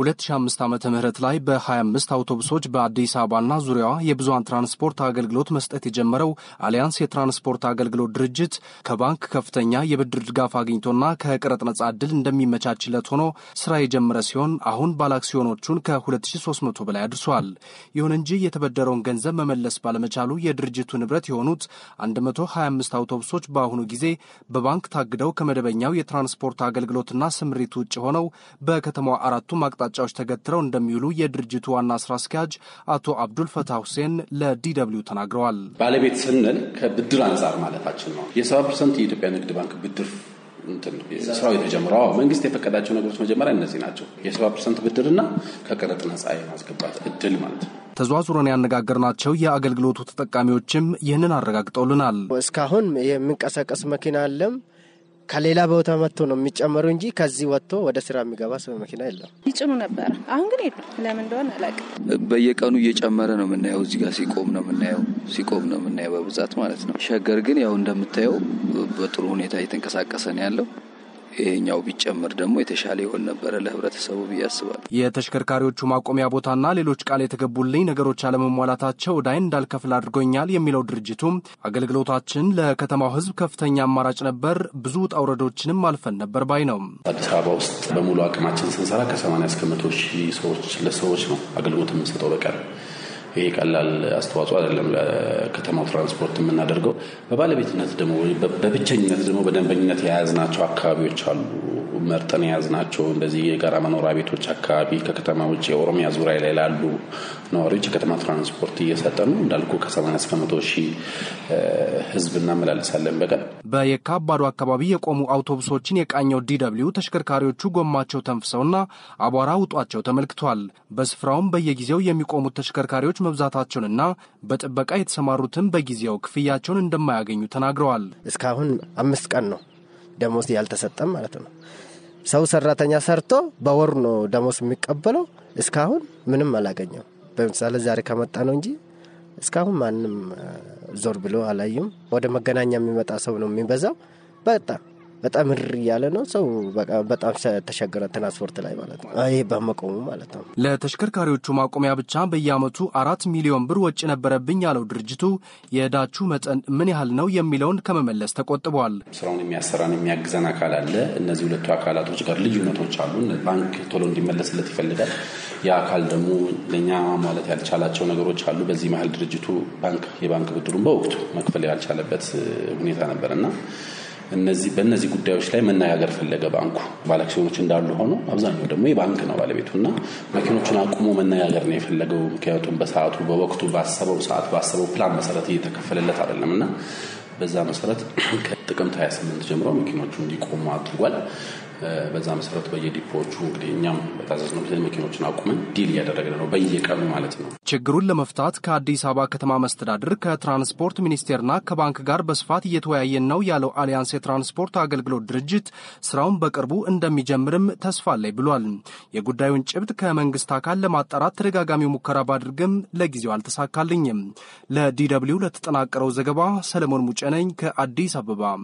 2005 ዓመተ ምህረት ላይ በ25 አውቶቡሶች በአዲስ አበባና ዙሪያዋ የብዙሃን ትራንስፖርት አገልግሎት መስጠት የጀመረው አሊያንስ የትራንስፖርት አገልግሎት ድርጅት ከባንክ ከፍተኛ የብድር ድጋፍ አግኝቶና ከቅረጥ ነጻ ዕድል እንደሚመቻችለት ሆኖ ስራ የጀመረ ሲሆን አሁን ባለአክሲዮኖቹን ከ2300 በላይ አድርሷል። ይሁን እንጂ የተበደረውን ገንዘብ መመለስ ባለመቻሉ የድርጅቱ ንብረት የሆኑት 125 አውቶቡሶች በአሁኑ ጊዜ በባንክ ታግደው ከመደበኛው የትራንስፖርት አገልግሎትና ስምሪት ውጭ ሆነው በከተማዋ አራቱ ማቅጣ አቅጣጫዎች ተገትረው እንደሚውሉ የድርጅቱ ዋና ስራ አስኪያጅ አቶ አብዱል ፈታ ሁሴን ለዲደብሊው ተናግረዋል። ባለቤት ስንል ከብድር አንጻር ማለታችን ነው። የሰባ ፐርሰንት የኢትዮጵያ ንግድ ባንክ ብድር ስራው የተጀምረው መንግስት የፈቀዳቸው ነገሮች መጀመሪያ እነዚህ ናቸው። የሰባ ፐርሰንት ብድርና ከቀረጥ ነጻ የማስገባት እድል ማለት ነው። ተዘዋዙረን ያነጋገርናቸው የአገልግሎቱ ተጠቃሚዎችም ይህንን አረጋግጠውልናል። እስካሁን የሚንቀሳቀስ መኪና አለም ከሌላ ቦታ መጥቶ ነው የሚጨመሩ እንጂ ከዚህ ወጥቶ ወደ ስራ የሚገባ ሰው መኪና የለም። ይጭኑ ነበረ፣ አሁን ግን የለም። ለምን እንደሆነ አላውቅም። በየቀኑ እየጨመረ ነው የምናየው። እዚህ ጋር ሲቆም ነው የምናየው፣ ሲቆም ነው የምናየው በብዛት ማለት ነው። ሸገር ግን ያው እንደምታየው በጥሩ ሁኔታ እየተንቀሳቀሰ ነው ያለው። ይሄኛው ቢጨምር ደግሞ የተሻለ ይሆን ነበረ ለህብረተሰቡ ብዬ አስባለሁ። የተሽከርካሪዎቹ ማቆሚያ ቦታና ሌሎች ቃል የተገቡልኝ ነገሮች አለመሟላታቸው ዕዳይን እንዳልከፍል አድርጎኛል የሚለው ድርጅቱ አገልግሎታችን ለከተማው ህዝብ ከፍተኛ አማራጭ ነበር፣ ብዙ ውጣ ውረዶችንም አልፈን ነበር ባይ ነው። አዲስ አበባ ውስጥ በሙሉ አቅማችን ስንሰራ ከ80 እስከ መቶ ሺህ ሰዎች ለሰዎች ነው አገልግሎት የምንሰጠው በቀር ይሄ ቀላል አስተዋጽኦ አይደለም ለከተማው ትራንስፖርት የምናደርገው። በባለቤትነት ደግሞ በብቸኝነት ደግሞ በደንበኝነት የያዝናቸው አካባቢዎች አሉ። መርጠን የያዝናቸው እንደዚህ የጋራ መኖሪያ ቤቶች አካባቢ ከከተማ ውጭ የኦሮሚያ ዙሪያ ላይ ላሉ ነዋሪዎች የከተማ ትራንስፖርት እየሰጠ ነው። እንዳልኩ ከ80 እስከ 100 ሺህ ህዝብ እናመላልሳለን በቀን። በየካ አባዶ አካባቢ የቆሙ አውቶቡሶችን የቃኘው ዲደብሊው ተሽከርካሪዎቹ ጎማቸው ተንፍሰውና አቧራ ውጧቸው ተመልክቷል። በስፍራውም በየጊዜው የሚቆሙት ተሽከርካሪዎች መብዛታቸውንና በጥበቃ የተሰማሩትን በጊዜው ክፍያቸውን እንደማያገኙ ተናግረዋል። እስካሁን አምስት ቀን ነው ደሞዝ ያልተሰጠም ማለት ነው። ሰው ሰራተኛ ሰርቶ በወር ነው ደሞዝ የሚቀበለው። እስካሁን ምንም አላገኘው። በምሳሌ ዛሬ ከመጣ ነው እንጂ እስካሁን ማንም ዞር ብሎ አላዩም። ወደ መገናኛ የሚመጣ ሰው ነው የሚበዛው በጣም በጣም ር እያለ ነው ሰው በጣም ተሸገረ ትራንስፖርት ላይ ማለት ነው ይሄ በመቆሙ ማለት ነው። ለተሽከርካሪዎቹ ማቆሚያ ብቻ በየአመቱ አራት ሚሊዮን ብር ወጪ ነበረብኝ ያለው ድርጅቱ የዕዳችሁ መጠን ምን ያህል ነው የሚለውን ከመመለስ ተቆጥቧል። ስራውን የሚያሰራን የሚያግዘን አካል አለ። እነዚህ ሁለቱ አካላቶች ጋር ልዩነቶች አሉ። ባንክ ቶሎ እንዲመለስለት ይፈልጋል። ያ አካል ደግሞ ለእኛ ማለት ያልቻላቸው ነገሮች አሉ። በዚህ መሀል ድርጅቱ ባንክ የባንክ ብድሩን በወቅቱ መክፈል ያልቻለበት ሁኔታ ነበር እና እነዚህ በእነዚህ ጉዳዮች ላይ መናገር ፈለገ ባንኩ። ባለአክሲዮኖች እንዳሉ ሆኖ አብዛኛው ደግሞ የባንክ ነው ባለቤቱ እና መኪኖቹን አቁሞ መነጋገር ነው የፈለገው። ምክንያቱም በሰዓቱ በወቅቱ ባሰበው ሰዓት ባሰበው ፕላን መሰረት እየተከፈለለት አይደለም እና በዛ መሰረት ከጥቅምት 28 ጀምሮ መኪኖቹ እንዲቆሙ አድርጓል። በዛ መሰረት በየዲፖዎቹ እንግዲህ እኛም በታዘዝነው ጊዜ መኪኖችን አቁመን ዲል እያደረግን ነው በየቀኑ ማለት ነው። ችግሩን ለመፍታት ከአዲስ አበባ ከተማ መስተዳድር ከትራንስፖርት ሚኒስቴርና ከባንክ ጋር በስፋት እየተወያየን ነው ያለው አሊያንስ የትራንስፖርት አገልግሎት ድርጅት ስራውን በቅርቡ እንደሚጀምርም ተስፋ አለኝ ብሏል። የጉዳዩን ጭብጥ ከመንግስት አካል ለማጣራት ተደጋጋሚ ሙከራ ባድርግም ለጊዜው አልተሳካልኝም። ለዲ ደብልዩ ለተጠናቀረው ዘገባ ሰለሞን ሙጨነኝ ከአዲስ አበባ